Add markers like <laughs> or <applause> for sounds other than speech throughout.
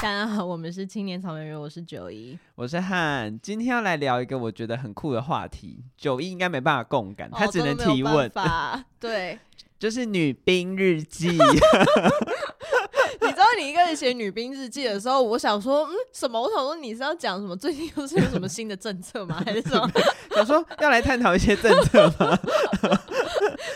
大家好，我們是青年草莓人。我是九一，我是漢。今天要來聊一個我覺得很酷的話題。哦、九一應該沒辦法共感，哦、他只能提問。對，就是女兵日記。 <laughs> <laughs> 你知道，你一個人寫女兵日記的時候，我想說，嗯，什麼？我想說，你是要講什麼？最近又是有什麼新的政策嗎？ <laughs> 還是什麼？想說要來探討一些政策嗎？ <laughs> <laughs>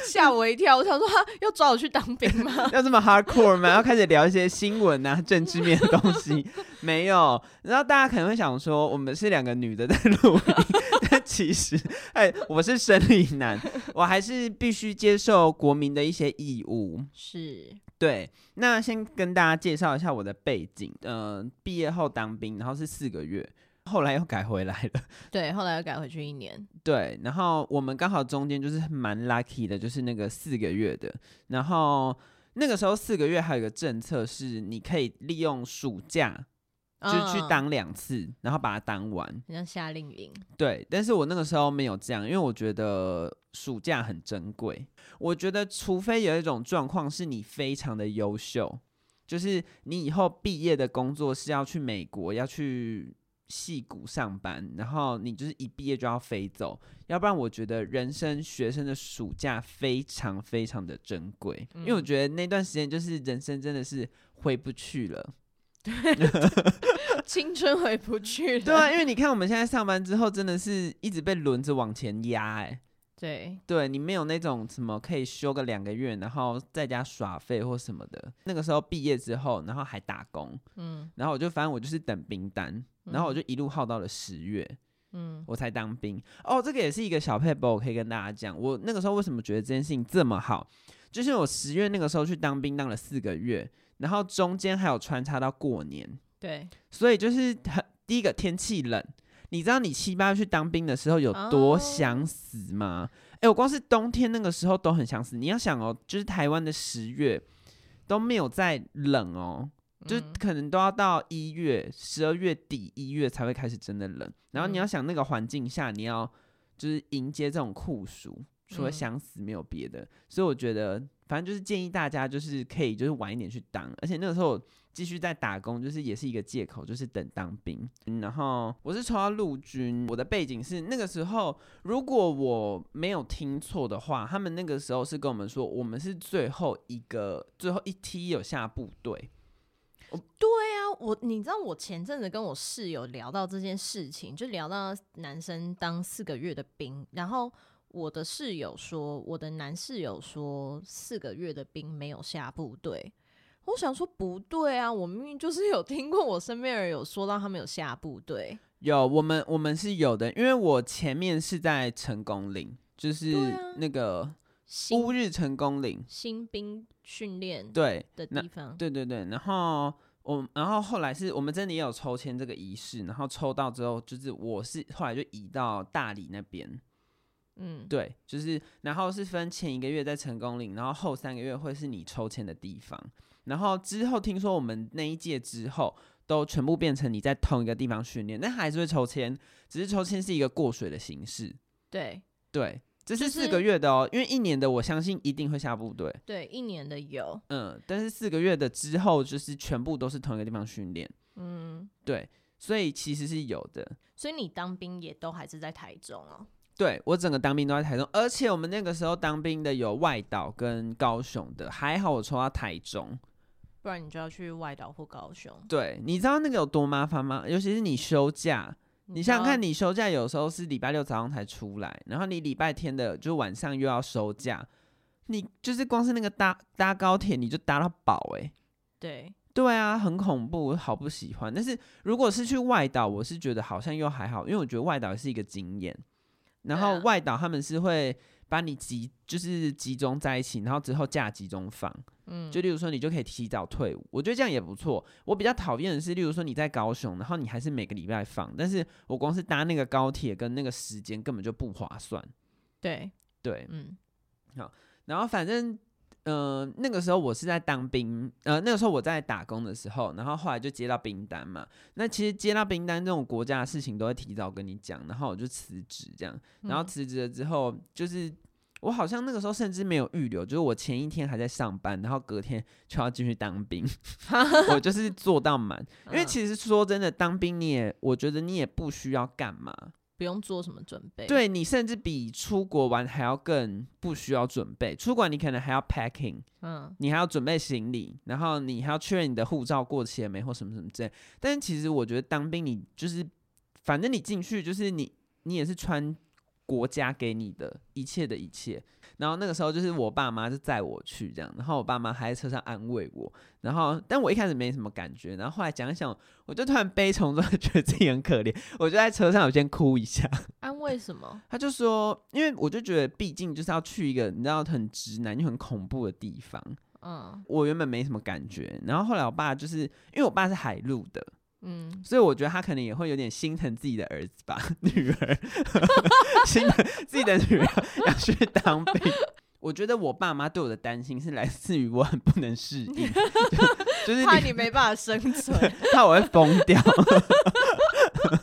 嚇我一跳！我想說、啊，要抓我去當兵嗎？ <laughs> 要這麼 hardcore 嗎？要開始聊一些新聞啊、政治面的東西？沒有。然後大家可能會想說，我們是兩個女的在錄音， <laughs> 但其實，哎、欸，我是生理男，我還是必須接受國民的一些義務。是，對。那先跟大家介紹一下我的背景。嗯、呃，畢業後當兵，然後是四個月。後來又改回來了，對，後來又改回去一年。 <laughs> 對，然後我們剛好中間就是蠻 lucky 的，就是那個四個月的。然後那個時候四個月還有一個政策是，你可以利用暑假就是、去當兩次，oh, 然後把它當完。像夏令營。對，但是我那個時候沒有這樣，因為我覺得暑假很珍貴。我覺得除非有一種狀況是你非常的優秀，就是你以後畢業的工作是要去美國，要去。戲骨上班，然後你就是一畢業就要飛走，要不然我覺得人生學生的暑假非常非常的珍貴，嗯，因為我覺得那段時間就是人生真的是回不去了，對，嗯， <laughs> <laughs> <laughs> 青春回不去了對啊，因為你看我們現在上班之後，真的是一直被輪子往前壓，哎。對，對你沒有那種什麼可以休個兩個月，然後在家耍廢或什麼的。那個時候畢業之後，然後還打工，嗯，然後我就反正我就是等兵單，嗯，然後我就一路耗到了十月，嗯，我才當兵。哦，這個也是一個小配博，我可以跟大家講，我那個時候為什麼覺得這件事情這麼好，就是我十月那個時候去當兵，當了四個月，然後中間還有穿插到過年，對，所以就是很第一個天氣冷。你知道你七八月去當兵的時候有多想死嗎？哎、oh. 欸，我光是冬天那個時候都很想死。你要想哦，就是台灣的十月都沒有再冷哦，就可能都要到一月、十二月底、一月才會開始真的冷。然後你要想那個環境下，你要就是迎接這種酷暑。除了想死沒有別的、嗯，所以我覺得反正就是建議大家就是可以就是晚一點去當，而且那個時候我繼續在打工，就是也是一個借口，就是等當兵。嗯、然後我是抽到陸軍，我的背景是那個時候，如果我沒有聽錯的話，他們那個時候是跟我們說我們是最後一個，最後一梯有下部隊。對啊，我，你知道我前陣子跟我室友聊到這件事情，就聊到男生當四個月的兵，然後。我的室友說，我的男室友說，四個月的兵沒有下部隊。我想說不對啊，我明明就是有聽過我身邊人有說到他們有下部隊。有，我們我們是有的，因為我前面是在成功嶺，就是那個烏日成功嶺新,新兵訓練對的地方對。對對對，然後我然後後來是我們真的也有抽籤這個儀式，然後抽到之後就是我是後來就移到大理那邊。嗯，對，就是，然後是分前一個月在成功嶺，然後後三個月會是你抽籤的地方，然後之後聽說我們那一屆之後都全部變成你在同一個地方訓練，那還是會抽籤，只是抽籤是一個過水的形式。對，對，這是四個月的哦，就是，因為一年的我相信一定會下部隊。對，一年的有，嗯，但是四個月的之後就是全部都是同一個地方訓練。嗯，對，所以其實是有的，所以你當兵也都還是在台中哦？對我整個當兵都在台中，而且我們那個時候當兵的有外島跟高雄的，還好我抽到台中，不然你就要去外島或高雄。對，你知道那個有多麻煩嗎？尤其是你休假，你想想看，你休假有時候是禮拜六早上才出來，然後你禮拜天的就晚上又要收假，你就是光是那個搭搭高鐵你就搭到飽，哎，對，對啊，很恐怖，好不喜歡。但是如果是去外島，我是覺得好像又還好，因為我覺得外島是一個經驗。然後外島他們是會把你集，就是集中在一起，然後之後假集中放，嗯，就例如說你就可以提早退伍，我覺得這樣也不錯。我比較討厭的是，例如說你在高雄，然後你還是每個禮拜放，但是我光是搭那個高鐵跟那個時間根本就不划算。對對，嗯，好，然後反正。嗯、呃，那個時候我是在當兵，呃，那個時候我在打工的時候，然後後來就接到兵單嘛。那其實接到兵單，這種國家的事情都會提早跟你講，然後我就辭職這樣。然後辭職了之後，就是我好像那個時候甚至沒有預留，就是我前一天還在上班，然後隔天就要進去當兵， <laughs> 我就是做到滿。因為其實說真的，當兵你也，我覺得你也不需要幹嘛。不用做什麼準備，對，你甚至比出國玩還要更不需要準備。出國你可能還要 packing，嗯，你還要準備行李，然後你還要確認你的護照過期了沒或什麼什麼之類，但其實我覺得當兵，你就是反正你進去就是你，你也是穿國家給你的一切的一切。然後那個時候就是我爸媽就載我去這樣，然後我爸媽還在車上安慰我，然後但我一開始沒什麼感覺，然後後來講一講，我就突然悲從中來，覺得自己很可憐，我就在車上我先哭一下，安慰什麼？他就說，因為我就覺得畢竟就是要去一個你知道很直男又很恐怖的地方，嗯，我原本沒什麼感覺，然後後來我爸就是因為我爸是海陸的。嗯，所以我覺得他可能也會有點心疼自己的兒子吧，女兒 <laughs> 心疼自己的女兒要去當兵。 <laughs> 我覺得我爸媽對我的擔心是來自於我很不能適應 <laughs> 就，就是你怕你沒辦法生存， <laughs> 怕我會瘋掉。 <laughs>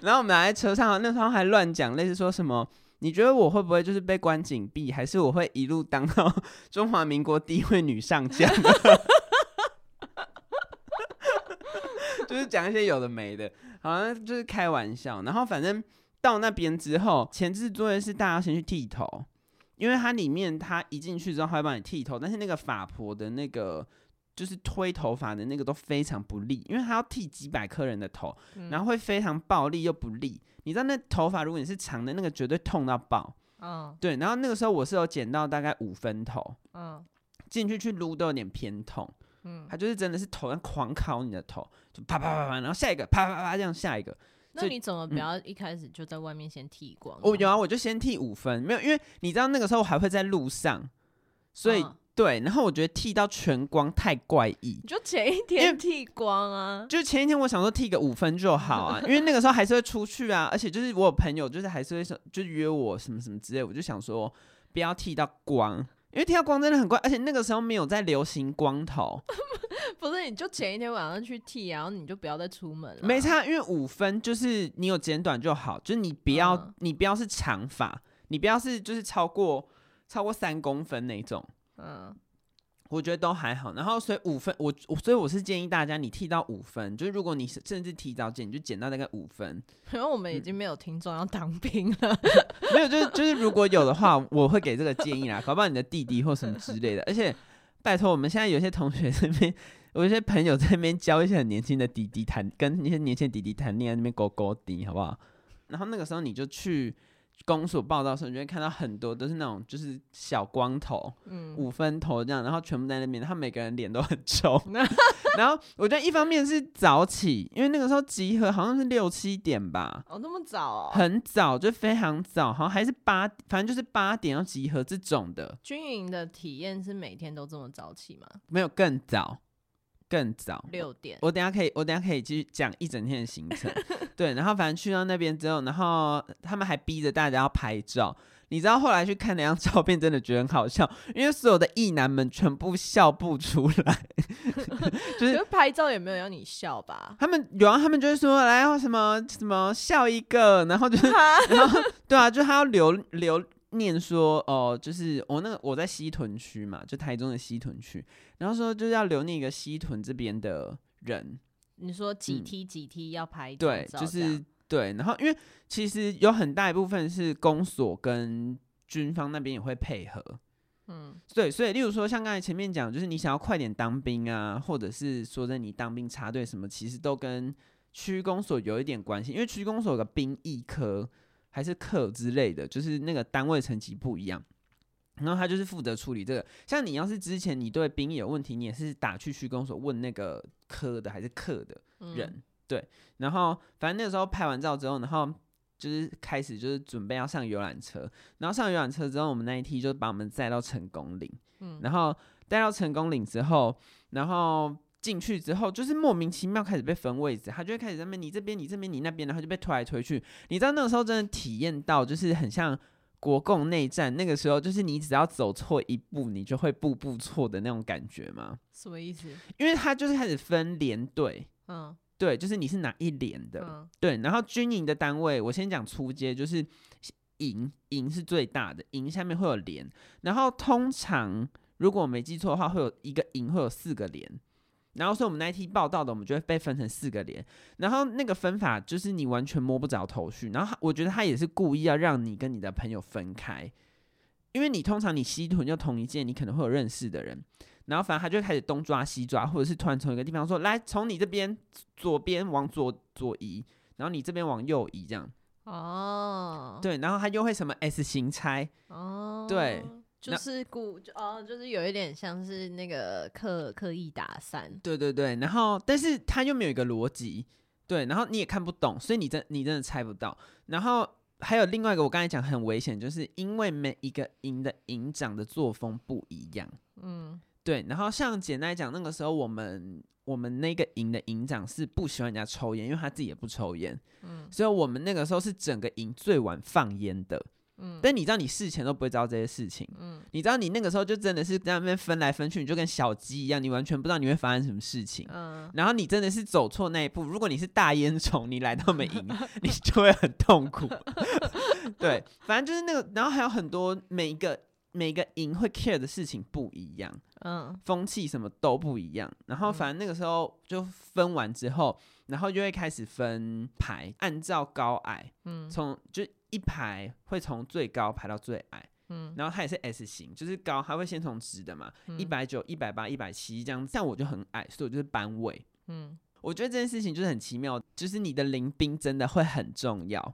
然後我們還在車上，那時候還亂講，類似說什麼，你覺得我會不會就是被關緊閉，還是我會一路當到中華民國第一位女上將？ <laughs> 就講一些有的沒的，好像就是開玩笑。然後反正到那邊之後，前置作業是大家先去剃頭，因為它裡面它一進去之後，他會幫你剃頭。但是那個髮婆的那個就是推頭髮的那個都非常不利，因為他要剃幾百顆人的頭，然後會非常暴力又不利。嗯，你知道那頭髮如果你是長的，那個絕對痛到爆。嗯，對。然後那個時候我是有剪到大概五分頭，嗯，進去去擼都有點偏痛。嗯，他就是真的是頭上狂烤你的頭，就啪啪啪啪，然後下一個啪啪啪，這樣下一個。那你怎麼不要一開始就在外面先剃光？我、嗯哦、有啊，我就先剃五分，沒有，因為你知道那個時候我還會在路上，所以、嗯、對。然後我覺得剃到全光太怪異，就前一天剃光啊，就前一天我想說剃個五分就好啊， <laughs> 因為那個時候還是會出去啊，而且就是我有朋友就是還是會想，就約我什麼什麼之類，我就想說不要剃到光。因為剃掉光真的很怪，而且那個時候沒有在流行光頭， <laughs> 不是？你就前一天晚上去剃，然後你就不要再出門了。沒差，因為五分就是你有剪短就好，就是你不要、嗯、你不要是長髮，你不要是就是超過超過三公分那種，嗯。我覺得都還好，然後所以五分，我我所以我是建議大家你剃到五分，就是如果你是甚至提早剪你就剪到那個五分，因為我們已經沒有聽眾要當兵了，嗯、 <laughs> <laughs> 沒有，就是就是如果有的話，我會給這個建議啦，搞不好你的弟弟或什麼之類的，而且拜託我們現在有些同學這邊，有些朋友在那邊教一些很年輕的弟弟談跟那些年輕弟弟談戀愛那邊勾勾底好不好？然後那個時候你就去。公所報到的時候，你會看到很多都是那種就是小光頭，嗯，五分頭這樣，然後全部在那邊，他每個人臉都很醜。那 <laughs> 然後我覺得一方面是早起，因為那個時候集合好像是六七點吧。哦，那麼早哦。很早，就非常早，好像還是八，反正就是八點要集合這種的。軍營的體驗是每天都這麼早起嗎？沒有，更早，更早，六點。我等下可以，我等下可以繼續講一整天的行程。 <laughs> 對，然後反正去到那邊之後，然後他們還逼着大家要拍照。你知道後來去看那張照片，真的覺得很好笑，因為所有的異男們全部笑不出來。 <laughs> 就是、是拍照也沒有要你笑吧？他們有啊，他們就是說，來要什麼什麼笑一個，然後就是， <laughs> 然後對啊，就他要留留念說哦、呃，就是我、哦、那個我在西屯區嘛，就台中的西屯區，然後說就是要留念一個西屯這邊的人。你說幾梯幾梯要、嗯、排？對，就是對。然後，因為其實有很大一部分是公所跟軍方那邊也會配合。嗯，對，所以例如說，像剛才前面講，就是你想要快點當兵啊，或者是說在你當兵插隊什麼，其實都跟區公所有一點關係，因為區公所有個兵役科還是課之類的，就是那個單位層級不一樣。然後他就是負責處理這個，像你要是之前你對兵有問題，你也是打去區公所問那個科的還是課的人、嗯，對。然後反正那時候拍完照之後，然後就是開始就是準備要上遊覽車，然後上遊覽車之後，我們那一梯就把我們載到成功嶺、嗯，然後帶到成功嶺之後，然後進去之後，就是莫名其妙開始被分位置，他就會開始在那邊，你這邊你這邊你那邊，然後就被推來推去。你知道那時候真的體驗到就是很像。國共內戰那個時候，就是你只要走錯一步，你就會步步錯的那種感覺嗎？什麼意思？因為他就是開始分連隊，嗯，對，就是你是哪一連的，嗯，對，然後軍營的單位，我先講初階，就是營，營是最大的，營下面會有連，然後通常如果我沒記錯的話，會有一個營會有四個連。然後所以我們那一梯報到的，我們就會被分成四個連。然後那個分法就是你完全摸不着頭緒。然後我覺得他也是故意要讓你跟你的朋友分開，因為你通常你吸臀就同一件，你可能會有認識的人。然後反正他就會開始東抓西抓，或者是突然從一個地方說來，從你這邊左邊往左左移，然後你這邊往右移這樣。哦。對，然後他就會什麼 S 型拆。哦。對。就是故哦、啊，就是有一點像是那個刻刻意打散，對對對，然後但是他又沒有一個邏輯，對，然後你也看不懂，所以你真你真的猜不到。然後還有另外一個，我剛才講很危險，就是因為每一個營的營長的作風不一樣，嗯，對。然後像簡單講那個時候，我們我們那個營的營長是不喜歡人家抽菸，因為他自己也不抽菸，嗯，所以我們那個時候是整個營最晚放菸的。嗯、但你知道，你事前都不會知道這些事情。嗯、你知道，你那個時候就真的是在那邊分來分去，你就跟小雞一樣，你完全不知道你會發生什麼事情。嗯、然後你真的是走錯那一步。如果你是大煙囪，你來到我們營， <laughs> 你就會很痛苦。 <laughs> 對，反正就是那個，然後還有很多每一個每一個營會 care 的事情不一樣。嗯，風氣什麼都不一樣。然後反正那個時候就分完之後，然後就會開始分排，按照高矮。嗯，從就。一排會從最高排到最矮，嗯，然後它也是 S 型，就是高，它會先從直的嘛，一百九、一百八、一百七這樣子。但我就很矮，所以我就是班尾。嗯，我覺得這件事情就是很奇妙，就是你的鄰兵真的會很重要啊、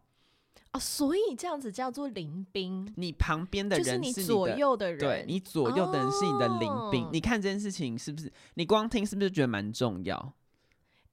哦。所以這樣子叫做鄰兵，你旁邊的人是你的、就是、你左右的人，對，你左右的人是你的鄰兵、哦。你看這件事情是不是？你光聽是不是覺得蠻重要？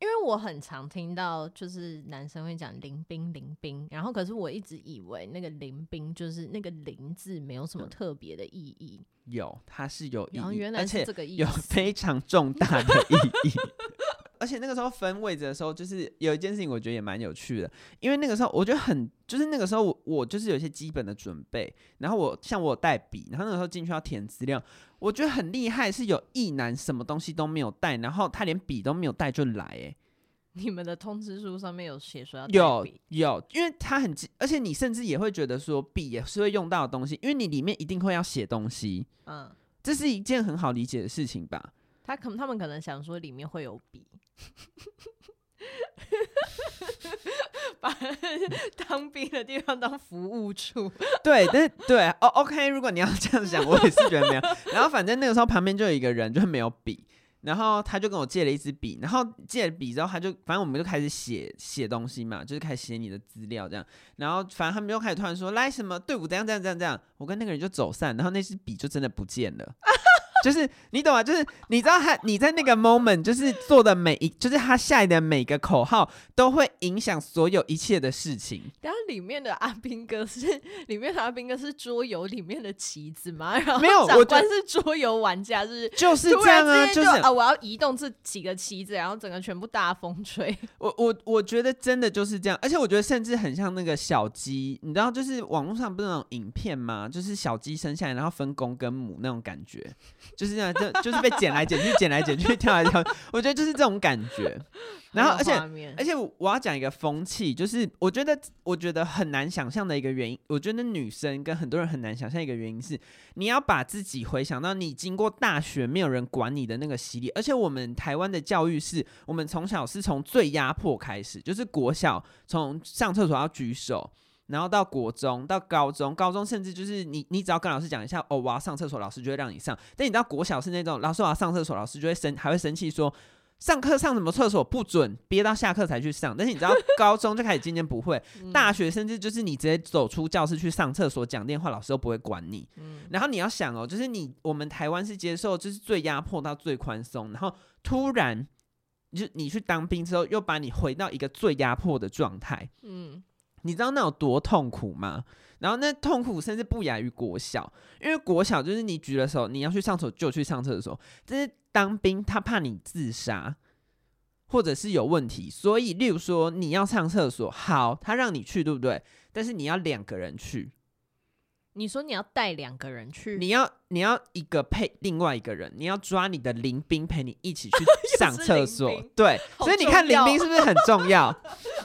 因為我很常聽到，就是男生會講“林冰林冰”，然後可是我一直以為那個“林冰”就是那個“林”字沒有什麼特別的意義、嗯。有，它是有意義，然後原來是這個意思，而且這個有非常重大的意義。 <laughs> <laughs> 而且那個時候分位置的時候，就是有一件事情，我覺得也蠻有趣的。因為那個時候我，我覺得很就是那個時候我，我就是有一些基本的準備。然後我像我有帶筆，然後那個時候進去要填資料，我覺得很厲害。是有一男什麼東西都沒有帶，然後他連筆都沒有帶就來、欸。哎，你們的通知書上面有寫說要帶筆？有有，因為他很，而且你甚至也會覺得說筆也是會用到的東西，因為你裡面一定會要寫東西。嗯，這是一件很好理解的事情吧？他可能他們可能想說裡面會有筆。 <laughs> 把當兵的地方當服務處 <laughs> ，對，但是對，哦，OK，如果你要這樣想，我也是覺得沒有。然後反正那個時候旁邊就有一個人，就是沒有筆，然後他就跟我借了一支筆，然後借了筆之後，他就反正我們就開始寫寫東西嘛，就是開始寫你的資料這樣。然後反正他們又開始突然說來什麼隊伍怎樣怎樣怎樣怎樣，我跟那個人就走散，然後那支筆就真的不見了。 <laughs> <laughs> 就是你懂啊？就是你知道他你在那個 moment，就是做的每一，就是他下的每個口號都會影響所有一切的事情。但是裡面的阿兵哥，是裡面的阿兵哥是桌遊裡面的棋子嗎？然後沒有，長官是桌遊玩家是，是，就是就是這樣啊，就，就是啊，我要移動這幾個棋子，然後整個全部大風吹。我我我覺得真的就是這樣，而且我覺得甚至很像那個小雞，你知道，就是網絡上不是那種影片嗎？就是小雞生下來，然後分公跟母那種感覺。 <laughs> 就是這樣，就就是被趕來趕去,去，趕來趕去，跳來跳去，我覺得就是這種感覺。 <laughs> 然後，而且，而且，我要講一個風氣，就是我覺得，我覺得很難想象的一個原因。我覺得女生跟很多人很難想象一個原因是，你要把自己回想到你經過大學沒有人管你的那個洗禮。而且，我們台灣的教育是我們從小是從最壓迫開始，就是國小從上廁所要舉手。然後到國中，到高中，高中甚至就是你，你只要跟老師講一下，哦，我要上廁所，老師就會讓你上。但你知道國小是那種，老師我要上廁所，老師就會生，還會生氣說，上課上什麼廁所不准，憋到下課才去上。但是你知道高中就開始，今天不會， <laughs> 大學甚至就是你直接走出教室去上廁所，講電話，老師都不會管你。嗯、然後你要想哦，就是你，我們台灣是接受，就是最壓迫到最寬鬆，然後突然就你去當兵之後，又把你回到一個最壓迫的狀態。嗯。你知道那有多痛苦嗎？然後那痛苦甚至不亞於國小，因為國小就是你舉的手，你要去上廁所就去上廁所的時候，但是當兵他怕你自殺，或者是有問題，所以例如說你要上廁所，好，他讓你去，對不對？但是你要兩個人去，你說你要帶兩個人去，你要你要一個陪另外一個人，你要抓你的鄰兵陪你一起去上廁所， <laughs> 對，所以你看鄰兵是不是很重要？ <laughs>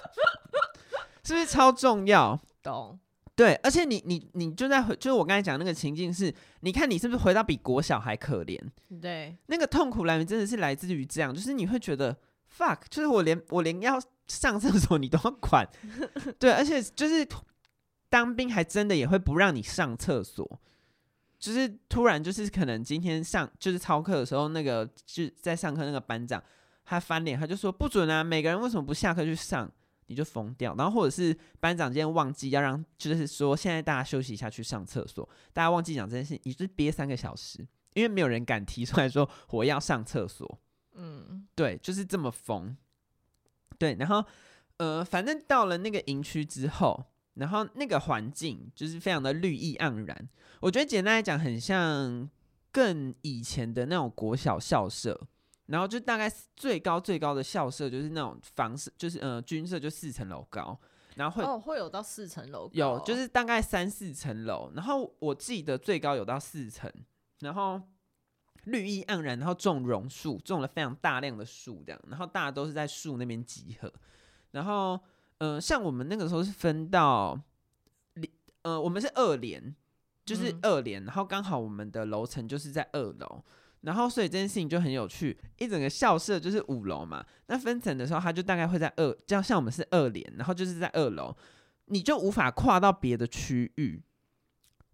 是不是超重要？懂，對，而且你你你就在回就是我剛才講那個情境是，你看你是不是回到比國小還可憐？對，那個痛苦來源真的是來自於這樣，就是你會覺得 fuck，就是我連我連要上廁所你都要管， <laughs> 對，而且就是當兵還真的也會不讓你上廁所，就是突然就是可能今天上就是操課的時候，那個就在上課那個班長他翻臉，他就說不准啊，每個人為什麼不下課去上？你就瘋掉，然後或者是班長今天忘記要讓，就是說現在大家休息一下去上廁所，大家忘記講這件事，一直憋三個小時，因為沒有人敢提出來說我要上廁所。嗯，對，就是這麼瘋。對，然後呃，反正到了那個營區之後，然後那個環境就是非常的綠意盎然，我覺得簡單來講，很像更以前的那種國小校舍。然後就大概最高最高的校舍就是那種房舍，就是嗯軍舍，均就四層樓高，然後會哦會有到四層樓高，有就是大概三四層樓，然後我記得最高有到四層，然後綠意盎然，然後種榕樹，種了非常大量的樹這樣，然後大家都是在樹那邊集合，然後嗯、呃，像我們那個時候是分到連，呃，我們是二連，就是二連、嗯，然後剛好我們的樓層就是在二樓。然後，所以這件事情就很有趣。一整個校舍就是五樓嘛，那分層的時候，它就大概會在二，像像我們是二連，然後就是在二樓，你就無法跨到別的區域。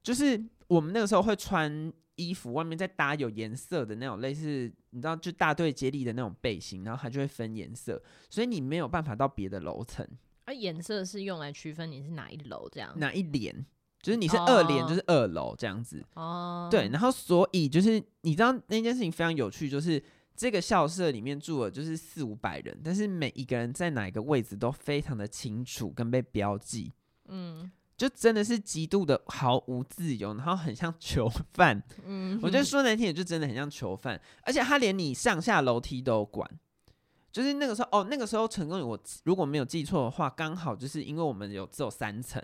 就是我們那個時候會穿衣服，外面再搭有顏色的那種，類似你知道，就大隊接力的那種背心，然後它就會分顏色，所以你沒有辦法到別的樓層。而顏色是用來區分你是哪一樓這樣，哪一連？就是你是二連，哦、就是二樓這樣子。哦，對，然後所以就是你知道那件事情非常有趣，就是這個校舍裡面住了就是四五百人，但是每一個人在哪一個位置都非常的清楚跟被標記。嗯，就真的是極度的毫無自由，然後很像囚犯。嗯，我覺得說難聽點，就真的很像囚犯，而且他連你上下樓梯都有管。就是那個時候哦，那個時候成功我如果沒有記錯的話，剛好就是因為我們有只有三層，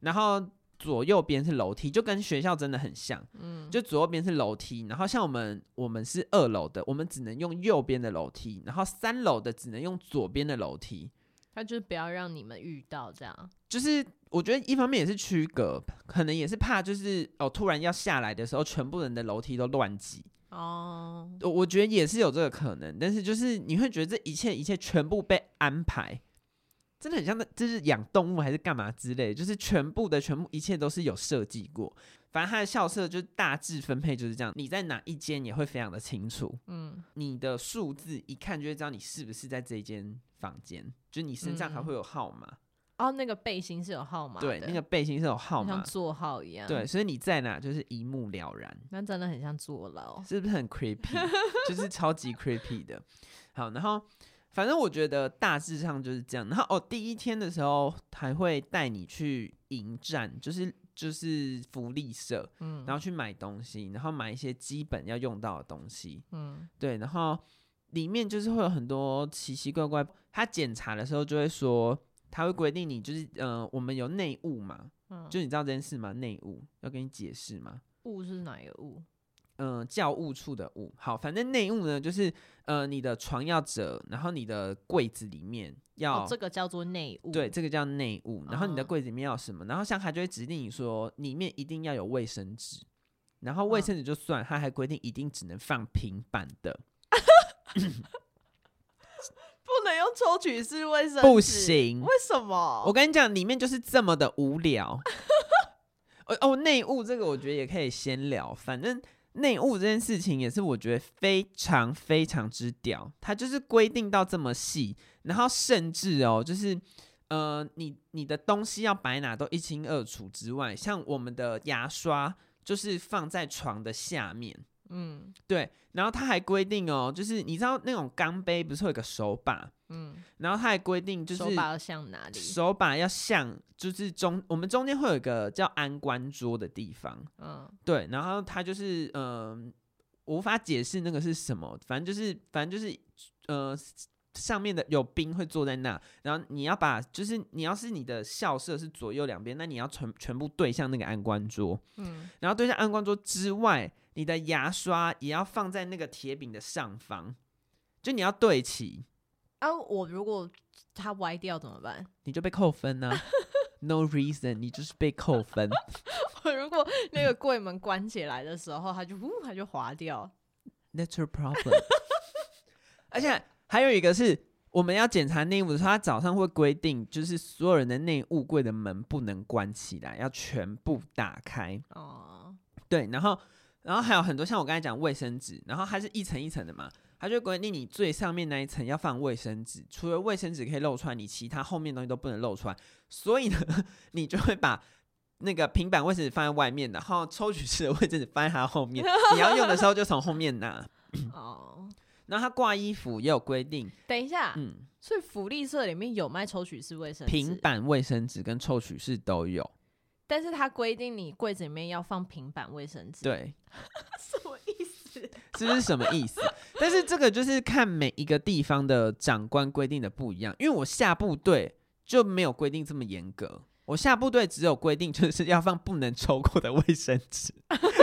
然後，左右邊是樓梯，就跟學校真的很像。嗯，就左右邊是樓梯，然後像我們，我們是二樓的，我們只能用右邊的樓梯，然後三樓的只能用左邊的樓梯。他就是不要讓你們遇到這樣。就是我覺得一方面也是區隔，可能也是怕就是哦，突然要下來的時候，全部人的樓梯都亂擠。哦，我我覺得也是有這個可能，但是就是你會覺得這一切一切全部被安排。真的很像的，就是養動物還是幹嘛之類的，就是全部的全部一切都是有設計過。反正他的校舍就是大致分配就是這樣，你在哪一間也會非常的清楚。嗯，你的數字一看就會知道你是不是在這間房間，就是、你身上還會有號碼、嗯。哦，那個背心是有號碼，對，那個背心是有號碼，像座號一樣。對，所以你在哪就是一目了然。那真的很像坐牢、哦，是不是很 creepy？就是超級 creepy 的。 <laughs> 好，然後。反正我覺得大致上就是這樣。然後哦，第一天的時候還會帶你去營站，就是就是福利社，嗯，然後去買東西，然後買一些基本要用到的東西，嗯，對。然後裡面就是會有很多奇奇怪怪，他檢查的時候就會說，他會規定你就是，嗯、呃，我們有內務嘛，嗯，就你知道這件事嗎？內務要跟你解釋嗎？務是哪一個務？嗯，教務處的務，好，反正內務呢，就是呃，你的床要折，然後你的櫃子裡面要、哦、這個叫做內務，對，這個叫內務。然後你的櫃子裡面要什麼、嗯？然後像他就會指定你說裡面一定要有衛生紙，然後衛生紙就算，嗯、他還規定一定只能放平板的， <laughs> <coughs> 不能用抽取式衛生紙，不行。為什麼？我跟你講，裡面就是這麼的無聊。哦 <laughs> 哦，內務這個我覺得也可以先聊，反正。內務這件事情也是我覺得非常非常之屌，它就是規定到這麼細，然後甚至哦，就是呃，你你的東西要擺哪都一清二楚之外，像我們的牙刷就是放在床的下面。嗯，對，然後他還規定哦，就是你知道那種鋼杯不是會有個手把，嗯，然後他還規定就是手把要向哪裡，手把要向就是中我們中間會有一個叫安官桌的地方，嗯，對，然後他就是嗯、呃、無法解釋那個是什麼，反正就是反正就是呃。上面的有冰會坐在那，然後你要把，就是你要是你的校舍是左右兩邊，那你要全全部對向那個安官桌，嗯，然後對向安官桌之外，你的牙刷也要放在那個鐵餅的上方，就你要對齊。啊，我如果它歪掉怎麼辦？你就被扣分呢、啊、No reason， <laughs> 你就是被扣分。 <laughs> 我如果那個櫃門關起來的時候， <laughs> 它就嗚，它就滑掉。That's your problem。 <laughs> 而且。還有一個是我們要檢查內務的時候，他早上會規定，就是所有人的內務櫃的門不能關起來，要全部打開。哦、oh.，對，然後，然後還有很多像我剛才講衛生紙，然後它是一層一層的嘛，它就規定你最上面那一層要放衛生紙，除了衛生紙可以露出來，你其他後面的東西都不能露出來。所以呢，你就會把那個平板衛生紙放在外面，然後抽取式的衛生紙放在它後面， <laughs> 你要用的時候就從後面拿。哦、oh.。那他掛衣服也有規定，等一下，嗯，所以福利社裡面有賣抽取式衛生紙、平板衛生紙跟抽取式都有，但是他規定你櫃子裡面要放平板衛生紙，對， <laughs> 什麼意思？這是什麼意思？ <laughs> 但是這個就是看每一個地方的長官規定的不一樣，因為我下部隊就沒有規定這麼嚴格。我下部隊只有規定，就是要放不能抽過的衛生紙，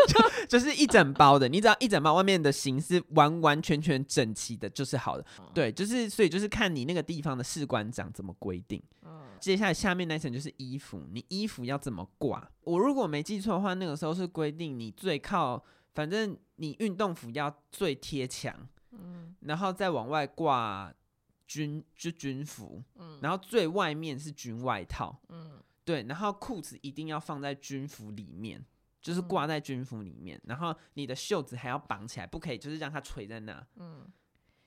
就就是一整包的。你只要一整包外面的形式完完全全整齊的，就是好的。嗯、對，就是所以就是看你那個地方的士官長怎麼規定，嗯。接下來下面那層就是衣服，你衣服要怎麼掛？我如果沒記錯的話，那個時候是規定你最靠，反正你運動服要最貼牆，嗯，然後再往外掛軍就軍服，嗯，然後最外面是軍外套，嗯對，然後褲子一定要放在軍服裡面，就是掛在軍服裡面。嗯、然後你的袖子還要綁起來，不可以就是讓它垂在那。嗯，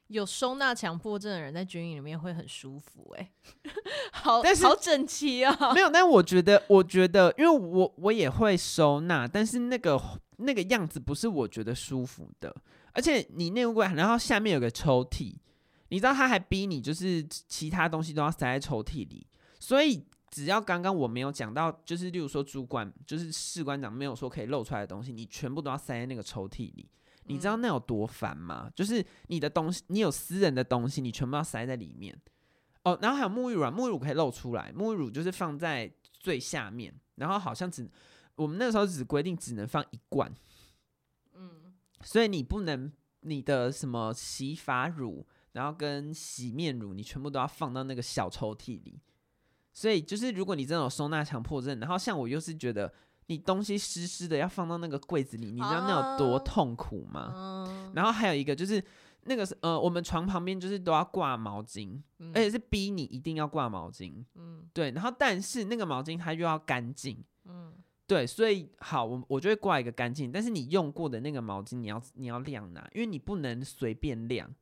有收納強迫症的人在軍營裡面會很舒服哎、欸， <laughs> 好，但是好整齊啊。沒有，但我覺得，我覺得，因為我我也會收納，但是那個那個樣子不是我覺得舒服的。而且你內務櫃，然後下面有個抽屜，你知道他還逼你，就是其他東西都要塞在抽屜裡，所以。只要剛剛我沒有講到，就是例如說，主管就是士官長沒有說可以露出來的東西，你全部都要塞在那個抽屜裡。嗯。你知道那有多煩嗎？就是你的東西，你有私人的東西，你全部要塞在裡面。哦、oh，然後還有沐浴乳、啊、沐浴乳可以露出來，沐浴乳就是放在最下面。然後好像只我們那個時候只規定只能放一罐，嗯，所以你不能你的什麼洗髮乳，然後跟洗面乳，你全部都要放到那個小抽屜裡。所以就是，如果你真的有收納強迫症，然後像我又是覺得你東西濕濕的要放到那個櫃子裡，你知道那有多痛苦嗎？嗯、啊啊。然後還有一個就是，那個是呃，我們床旁邊就是都要掛毛巾、嗯，而且是逼你一定要掛毛巾。嗯，對。然後但是那個毛巾它又要乾淨。嗯，對。所以好，我我就會掛一個乾淨，但是你用過的那個毛巾你要你要晾哪？因為你不能隨便晾。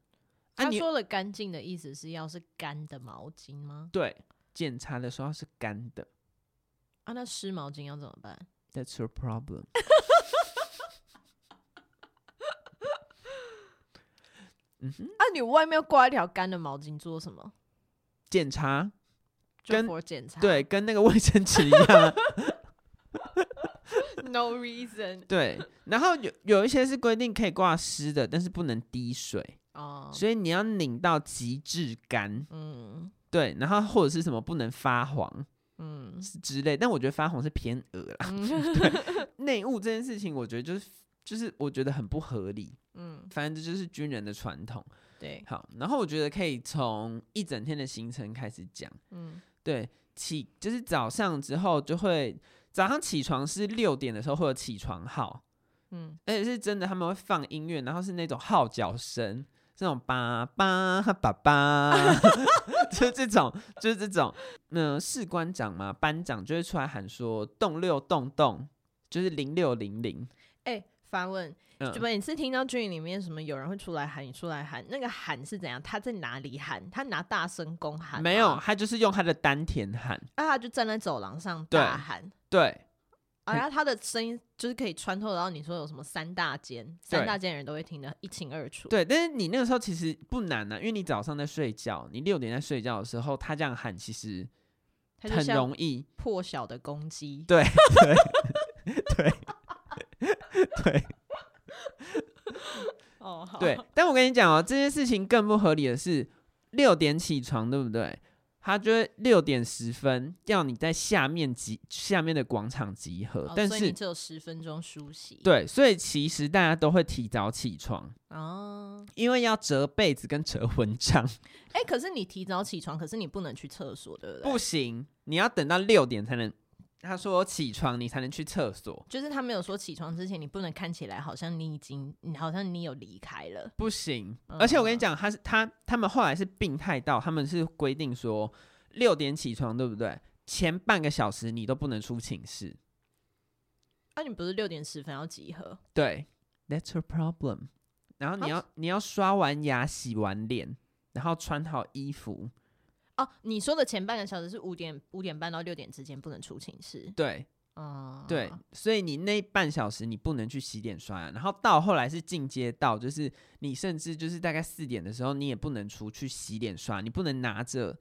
他說的乾淨的意思是要是乾的毛巾嗎？對。檢查的時候是乾的啊？那濕毛巾要怎麼辦？That's your problem。 <laughs> 嗯哼。啊，你外面要掛一條乾的毛巾做什麼？檢查,查。跟檢查對，跟那個衛生紙一樣。 <laughs> <laughs> No reason。對，然後有有一些是規定可以掛濕的，但是不能滴水哦。Oh. 所以你要擰到極致乾。嗯。對，然後或者是什麼不能發黃，嗯，之類。但我覺得發黃是偏噁了。嗯、 <laughs> 對，內務這件事情，我覺得就是就是我覺得很不合理。嗯，反正這就是軍人的傳統。對，好，然後我覺得可以從一整天的行程開始講。嗯，對，起就是早上之後就會早上起床是六點的時候會有起床號。嗯，而且是真的他們會放音樂，然後是那種號角聲，這種爸爸爸爸。 <laughs> 就這種，就是這種，那、呃、士官長嘛，班長就會出來喊說“洞六洞洞”，就是0600 “零六零零”，哎、嗯，發問，每次聽到軍營裡面什麼有人會出來喊，你出來喊，那個喊是怎樣？他在哪裡喊？他拿大聲公喊？沒有，他就是用他的丹田喊。那、啊、他就站在走廊上大喊。對。對。然、啊、後他的聲音就是可以穿透，然後你說有什麼三大間，三大間人都會聽得一清二楚。對，但是你那個時候其實不難呢、啊，因為你早上在睡覺，你六點在睡覺的時候，他這樣喊其實很容易破曉的公雞。對對對對。哦 <laughs> 對、 <laughs> <laughs> oh, 好。對，但我跟你講哦、喔，這件事情更不合理的是六點起床，對不對？他就會六點十分要你在下面集下面的廣場集合。哦、但是所以你只有十分鐘梳洗。對，所以其實大家都會提早起床哦，因為要折被子跟折蚊帳。哎、欸，可是你提早起床，可是你不能去廁所，對不對？不行，你要等到六點才能。他說：“起床，你才能去廁所。”就是他沒有說起床之前，你不能看起來好像你已經，你好像你有離開了，不行。嗯、而且我跟你講，他是他他們後來是病態到他們是規定說六點起床，對不對？前半個小時你都不能出寢室。那、啊、你不是六點十分要集合？對，That's a problem。然後你要、啊、你要刷完牙、洗完臉，然後穿好衣服。哦，你說的前半個小時是五點五點半到六點之間不能出寢室？對，哦、呃，對，所以你那半小時你不能去洗臉刷牙，然後到後來是進階到，就是你甚至就是大概四點的時候你也不能出去洗臉刷，你不能拿着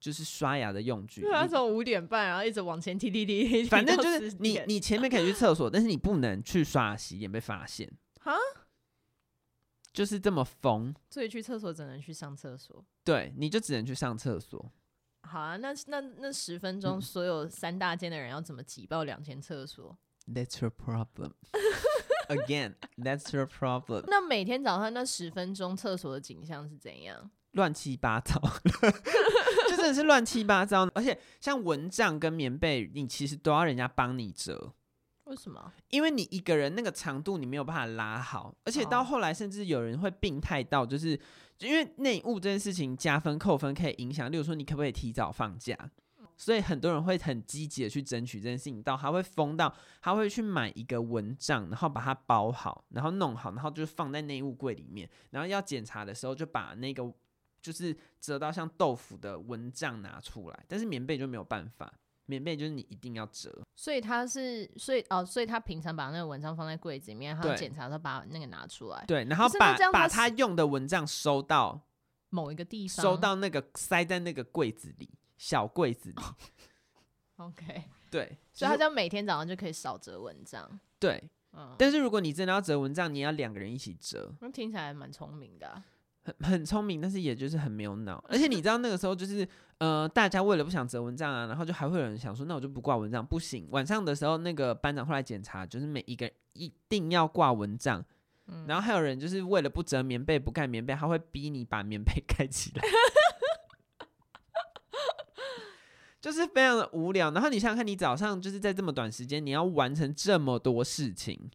就是刷牙的用具。他從五點半然後一直往前踢踢踢踢，反正就是你你前面可以去廁所， <laughs> 但是你不能去刷洗臉被發現。就是這麼瘋，所以去廁所只能去上廁所。對，你就只能去上廁所。好啊，那那那十分鐘、嗯，所有三大間的人要怎麼擠爆兩間廁所？That's your problem <laughs> again. That's your problem. <laughs> 那每天早上那十分鐘廁所的景象是怎樣？亂七八糟， <laughs> 就真的是亂七八糟。 <laughs> 而且像蚊帳跟棉被，你其實都要人家幫你折。為什麼？因為你一個人那個長度你沒有辦法拉好，而且到後來甚至有人會病態到，就是、Oh. 因為內務這件事情加分扣分可以影響，例如說你可不可以提早放假，所以很多人會很積極的去爭取這件事情，到他會瘋到他會去買一個蚊帳，然後把它包好，然後弄好，然後就是放在內務櫃裡面，然後要檢查的時候就把那個就是折到像豆腐的蚊帳拿出來，但是棉被就沒有辦法。棉被就是你一定要折，所以他是所以哦，所以他平常把那個蚊帳放在櫃子裡面，他檢查的時候把那個拿出來，對，然後把他把他用的蚊帳收到某一個地方，收到那個塞在那個櫃子裡，小櫃子裡。Oh, OK，對、就是，所以他這樣每天早上就可以少折蚊帳。對，嗯，但是如果你真的要折蚊帳，你要兩個人一起折，那、嗯、聽起來蠻聰明的、啊。很很聰明，但是也就是很沒有腦。而且你知道那個時候就是，呃，大家為了不想折蚊帳啊，然後就還會有人想說，那我就不掛蚊帳。不行，晚上的時候，那個班長會來檢查，就是每一個人一定要掛蚊帳，嗯。然後還有人就是為了不折棉被、不蓋棉被，他會逼你把棉被蓋起來， <laughs> 就是非常的無聊。然後你想想看，你早上就是在這麼短時間，你要完成這麼多事情。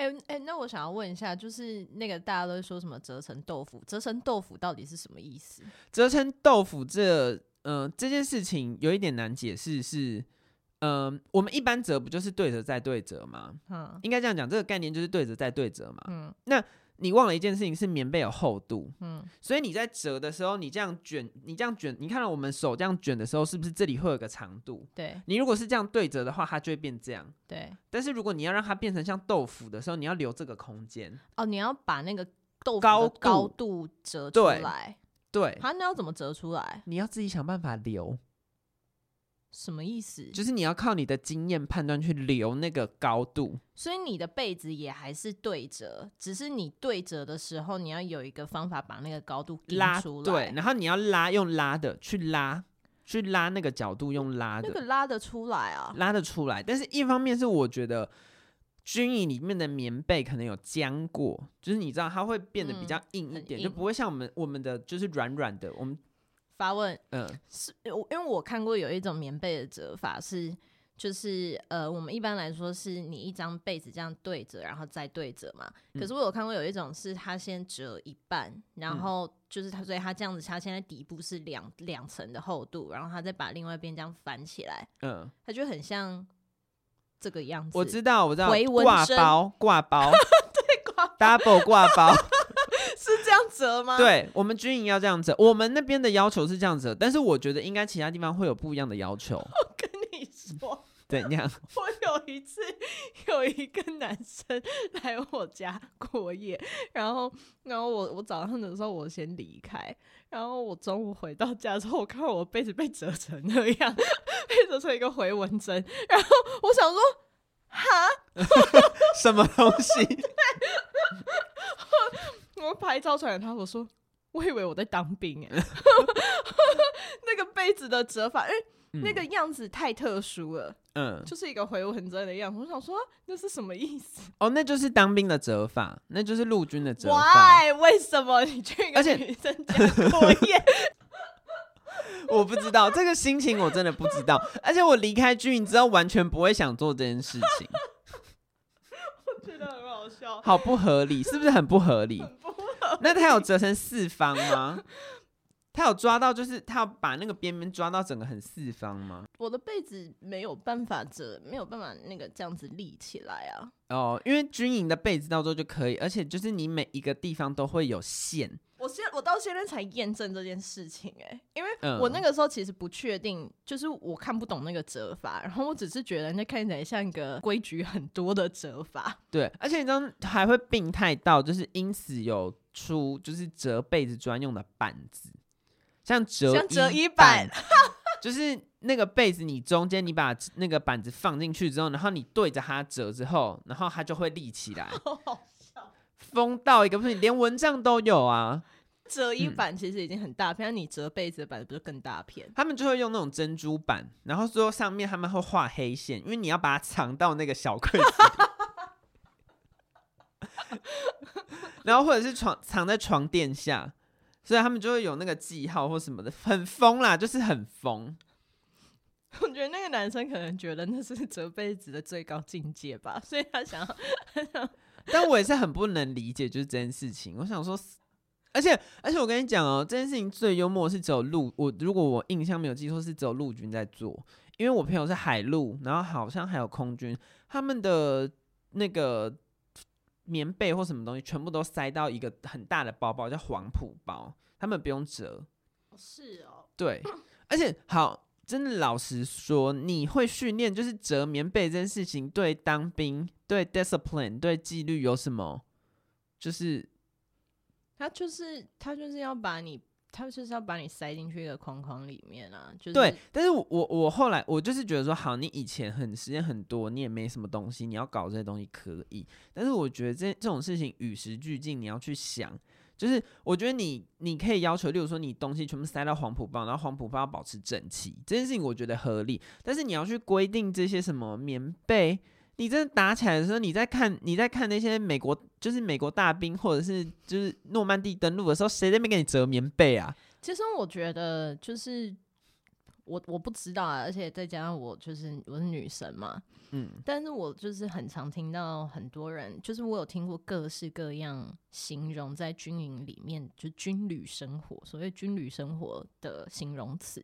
哎、欸、哎，那我想要問一下，就是那個大家都說什麼折成豆腐？折成豆腐到底是什麼意思？折成豆腐這，嗯、呃，這件事情有一點難解釋，是，嗯、呃，我們一般折不就是對折再對折嗎？嗯，應該這樣講，這個概念就是對折再對折嘛。嗯，那。你忘了一件事情，是棉被有厚度，嗯，所以你在折的時候，你這樣卷，你這樣卷，你看到我們手這樣卷的時候，是不是這裡會有個長度？對，你如果是這樣對折的話，它就會變這樣。對，但是如果你要讓它變成像豆腐的時候，你要留這個空間哦，你要把那個豆腐高高度,高度折出來對，對，它那要怎麼折出來？你要自己想辦法留。什麼意思？就是你要靠你的經驗判斷去留那個高度，所以你的被子也還是對折，只是你對折的時候，你要有一個方法把那個高度拉出來拉。對，然後你要拉，用拉的去拉，去拉那個角度，用拉的。那個拉得出來啊？拉得出來。但是一方面是我覺得軍營裡面的棉被可能有漿過，就是你知道它會變得比較硬一點，嗯，就不會像我們我們的就是軟軟的。我們。發問，嗯，是因為我看過有一種棉被的折法是，就是呃，我們一般來說是你一張被子這樣對折，然後再對折嘛。嗯、可是我有看過有一種是它先折一半，然後就是它、嗯，所以它這樣子，他現在底部是兩兩層的厚度，然後它再把另外一邊這樣翻起來，嗯，它就很像這個樣子。我知道，我知道，掛包掛包，掛包 <laughs> 對，掛包，double 掛包。 <laughs> 對，我們軍營要這樣子，我們那邊的要求是這樣子，但是我覺得應該其他地方會有不一樣的要求。 <laughs> 我跟你說、嗯，怎樣？我有一次有一個男生來我家過夜，然後然後我我早上的時候我先離開，然後我中午回到家之後，我看到我被子被折成那樣，被折成一個迴紋針，然後我想說，哈， <laughs> <laughs> 什麼東西？ <laughs> 對 <laughs> 我我拍照出來，他我說，我以為我在當兵哎、欸， <laughs> <laughs> 那個被子的折法，哎、欸嗯，那個樣子太特殊了，嗯，就是一個回紋針的樣子，我想說、啊、那是什麼意思？哦，那就是當兵的折法，那就是陸軍的折法。Why？為什麼你去個女生這？而且真的討厭， <laughs> <laughs> <laughs> 我不知道這個心情，我真的不知道。 <laughs> 而且我離開軍營之後，完全不會想做這件事情。 <laughs> 我覺得很好笑，好不合理，是不是很不合理？ <laughs> <laughs> 那他有折成四方嗎？他有抓到，就是他要把那個邊邊抓到，整個很四方嗎？我的被子沒有辦法折，沒有辦法那個這樣子立起來啊。哦，因為軍營的被子到時候就可以，而且就是你每一個地方都會有線。我現我到現在才驗證這件事情哎、欸，因為我那個時候其實不確定、嗯，就是我看不懂那個折法，然後我只是覺得那看起來像一個規矩很多的折法。對，而且你知道還會病態到，就是因此有出就是折被子專用的板子，像折像折衣板，板 <laughs> 就是那個被子你中間你把那個板子放進去之後，然後你對着它折之後，然後它就會立起來。哦。瘋到一個不是，連蚊帳都有啊。摺衣板其實已經很大片，嗯、你折被子的板不是更大片？他們就會用那種珍珠板，然後說上面他們會畫黑線，因為你要把它藏到那個小櫃子， <laughs> <laughs> 然後或者是床藏在床墊下，所以他們就會有那個記號或什麼的，很瘋啦，就是很瘋。我覺得那個男生可能覺得那是折被子的最高境界吧，所以他想要。他想 <laughs> <laughs> 但我也是很不能理解，就是這件事情。我想說，而且而且，我跟你講哦，這件事情最幽默是只有陸，我如果我印象沒有記錯，是只有陸軍在做，因為我朋友是海陸，然後好像還有空軍，他們的那個棉被或什麼東西，全部都塞到一個很大的包包，叫黃埔包，他們不用折。是哦。對，而且好。真的老實說，你會訓練就是折棉被這件事情，對當兵、對 discipline、對紀律有什麼？就是他就是他就是要把你，他就是要把你塞進去一個框框裡面啊。就是，對，但是我我後來我就是覺得說，好，你以前很時間很多，你也沒什麼東西，你要搞這些東西可以。但是我覺得這這種事情與時俱進，你要去想。就是我覺得你，你可以要求，例如說你東西全部塞到黃埔包，然後黃埔包要保持整齊，這件事情我覺得合理。但是你要去規定這些什麼棉被，你真的打起來的時候，你在看你在看那些美國，就是美國大兵，或者是就是諾曼底登陸的時候，誰在那邊給你折棉被啊？其實我覺得就是。我我不知道啊，而且再加上我就是我是女生嘛，嗯，但是我就是很常聽到很多人，就是我有聽過各式各樣形容在軍營裡面就軍旅生活，所謂軍旅生活的形容詞，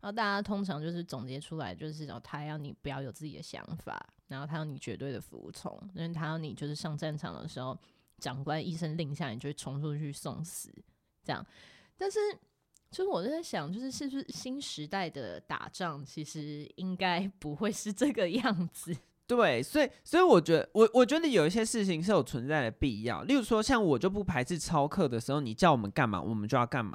然後大家通常就是總結出來，就是哦，他要你不要有自己的想法，然後他要你絕對的服從，因為他要你就是上戰場的時候，長官一聲令下，你就會衝出去送死這樣，但是。就是我在想，就是是不是新時代的打仗，其實應該不會是這個樣子。對，所以所以我覺得，我我覺得有一些事情是有存在的必要。例如說，像我就不排斥操課的時候，你叫我們幹嘛，我們就要幹嘛。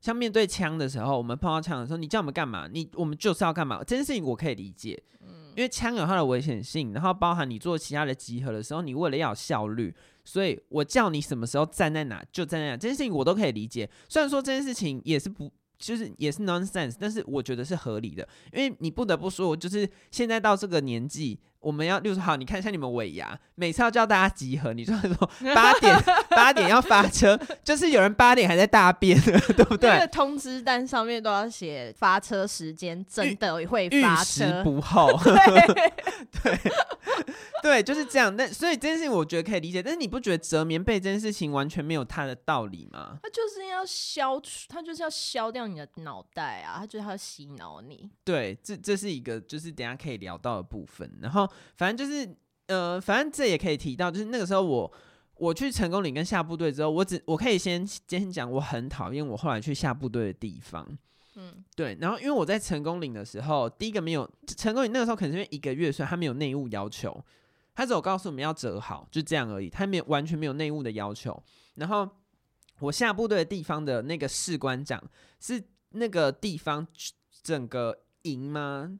像面對槍的時候，我們碰到槍的時候，你叫我們幹嘛，你我們就是要幹嘛。這件事情我可以理解。嗯。因為槍有它的危險性，然後包含你做其他的集合的時候，你為了要有效率，所以我叫你什麼時候站在哪就站在哪，這件事情我都可以理解。雖然說這件事情也是不就是也是 nonsense，但是我覺得是合理的，因為你不得不說，就是現在到這個年紀。我們要六十號，你看一下你們尾牙，每次要叫大家集合，你就說八點八點要發車， <laughs> 就是有人八點還在大便， <laughs> 對不對？那個、通知單上面都要寫發車時間，真的會發車不好。 <laughs> 對 <laughs> 對、對，就是這樣。那所以這件事情我覺得可以理解，但是你不覺得折棉被這件事情完全沒有他的道理嗎？他就是要消除，他就是要消掉你的腦袋啊！他就是要洗腦你。對，這這是一個就是等一下可以聊到的部分，然後。反正就是，呃，反正這也可以提到，就是那個時候我我去成功嶺跟下部隊之後，我只我可以先先講，我很討厭我後來去下部隊的地方，嗯，對。然後因為我在成功嶺的時候，第一個沒有成功嶺那個時候可能是因為一個月，所以他沒有內務要求，他只有告訴我們要折好，就這樣而已，他沒有完全沒有內務的要求。然後我下部隊的地方的那個士官長是那個地方整個營嗎？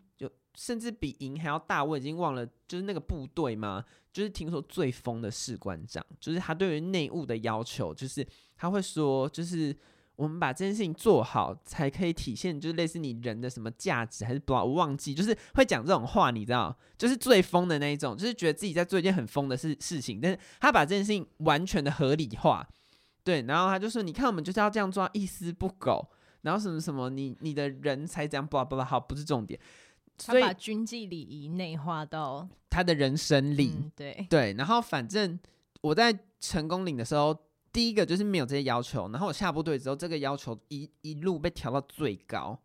甚至比營還要大，我已經忘了，就是那個部隊嘛。就是聽說最瘋的士官長，就是他對於內務的要求，就是他會說，就是我們把這件事情做好，才可以體現，就是類似你人的什麼價值，還是不要忘記，就是會講這種話，你知道，就是最瘋的那一種，就是覺得自己在做一件很瘋的事事情，但是他把這件事情完全的合理化，對，然後他就說，你看我們就是要這樣做，一絲不苟，然後什麼什麼，你你的人才這樣不不不好，不是重點。他把軍紀禮儀內化到他的人生裡。嗯，對對，然後反正我在成功嶺的時候，第一個就是沒有這些要求，然後我下部隊之後，這個要求一一路被調到最高，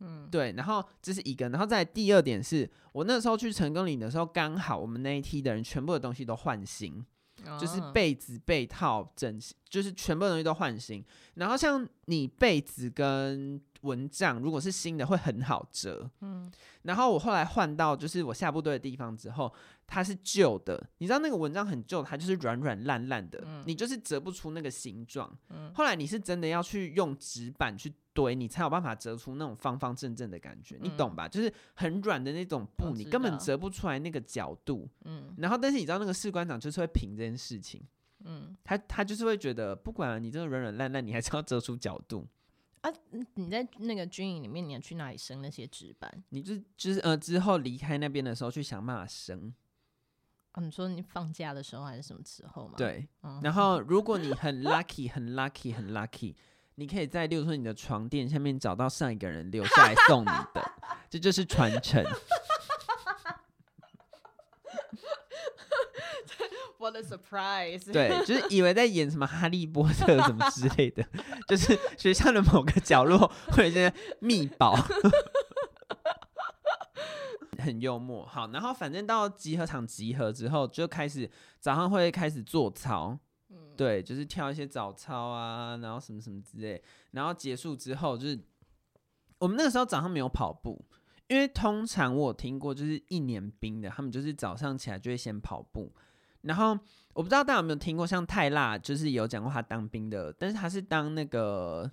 嗯，對，然後這是一個，然後再第二點是，我那時候去成功嶺的時候，剛好我們那一梯的人全部的東西都換新。哦，就是被子、被套、枕，就是全部的東西都換新，然後像你被子跟。蚊帳如果是新的，會很好折。嗯，然後我後來換到就是我下部隊的地方之後，它是舊的。你知道那個蚊帳很舊，它就是軟軟爛爛的，嗯、你就是折不出那個形狀、嗯。後來你是真的要去用紙板去堆，你才有辦法折出那種方方正正的感覺，嗯、你懂吧？就是很軟的那種布，你根本折不出來那個角度。嗯，然後但是你知道那個士官長就是會評這件事情。嗯，他他就是會覺得，不管你這個軟軟爛爛，你還是要折出角度。啊！你在那個軍營裡面，你要去哪裡生那些值班？你就就是呃，之後離開那邊的時候去想辦法生。啊，你說你放假的時候還是什麼時候嗎？對。嗯、然後，如果你很 lucky、 <laughs> 很 lucky、很 lucky，你可以在，比如說你的床墊下面找到上一個人留下來送你的， <laughs> 這就是傳承。surprise 對，就是以為在演什麼哈利波特什麼之類的， <laughs> 就是學校的某個角落會有一些祕寶， <laughs> 很幽默。好，然後反正到集合場集合之後，就開始早上會開始做操，對，就是跳一些早操啊，然後什麼什麼之類。然後結束之後，就是我們那個時候早上沒有跑步，因為通常我聽過就是一年兵的，他們就是早上起來就會先跑步。然後我不知道大家有沒有聽過，像泰辣就是有講過他當兵的，但是他是當那個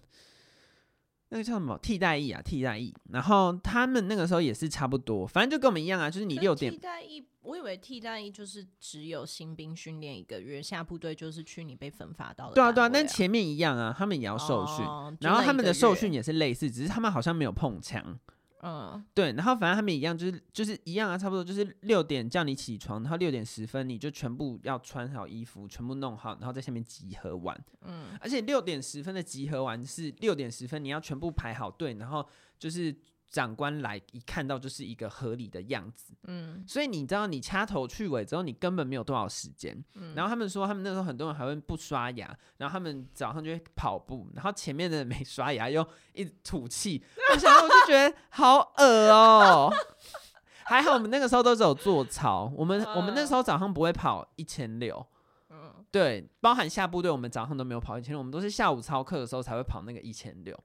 那個叫什麼替代役啊，替代役。然後他們那個時候也是差不多，反正就跟我們一樣啊，就是你六點。替代役，我以為替代役就是只有新兵訓練一個月，下部隊就是去你被分發到了、啊、對啊，對啊，但前面一樣啊，他們也要受訓、哦，然後他們的受訓也是類似，只是他們好像沒有碰槍。嗯，對，然後反正他們一樣，就是就是一樣啊，差不多就是六點叫你起床，然後六點十分你就全部要穿好衣服，全部弄好，然後在下面集合完。嗯，而且六點十分的集合完是六點十分，你要全部排好隊，然後就是。長官來一看到就是一個合理的樣子，嗯，所以你知道你掐頭去尾之後，你根本沒有多少時間，嗯，然後他們說，他們那時候很多人還會不刷牙，然後他們早上就會跑步，然後前面的人沒刷牙又一直吐氣，我想我就覺得好惡哦、喔。 <laughs> 還好我們那個時候都只有做操，我們我們那時候早上不會跑一千六，嗯，對，包含下部隊，我們早上都沒有跑一千六，我們都是下午操課的時候才會跑那個一千六。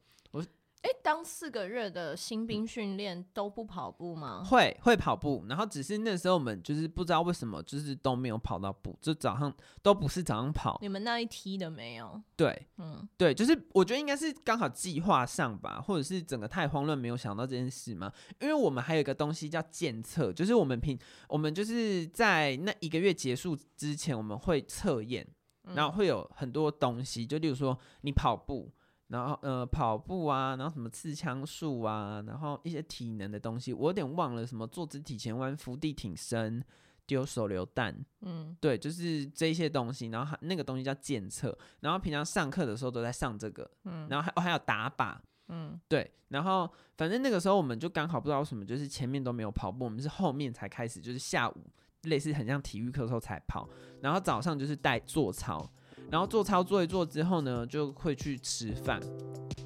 誒，當四個月的新兵訓練都不跑步嗎？會會跑步，然後只是那時候我們就是不知道為什麼，就是都沒有跑到步，就早上都不是早上跑。你們那一梯的沒有？對，嗯，對，就是我覺得應該是剛好計劃上吧，或者是整個太慌亂，沒有想到這件事嘛。因為我們還有一個東西叫鑑測，就是我們平我們就是在那一個月結束之前，我們會測驗，嗯，然後會有很多東西，就例如說你跑步。然後呃跑步啊，然後什麼刺槍術啊，然後一些體能的東西，我有點忘了什麼坐姿體前彎、伏地挺身、丟手榴彈，嗯，對，就是這些東西。然後那個東西叫鑑測。然後平常上課的時候都在上這個，嗯。然後還、哦、還有打靶，嗯，對。然後反正那個時候我們就剛好不知道什麼，就是前面都沒有跑步，我們是後面才開始，就是下午類似很像體育課的時候才跑。然後早上就是帶做操。然後做操做一做之後呢，就會去吃飯，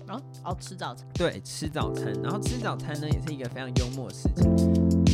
然後哦，哦，吃早餐，對，吃早餐，然後吃早餐呢也是一個非常幽默的事情。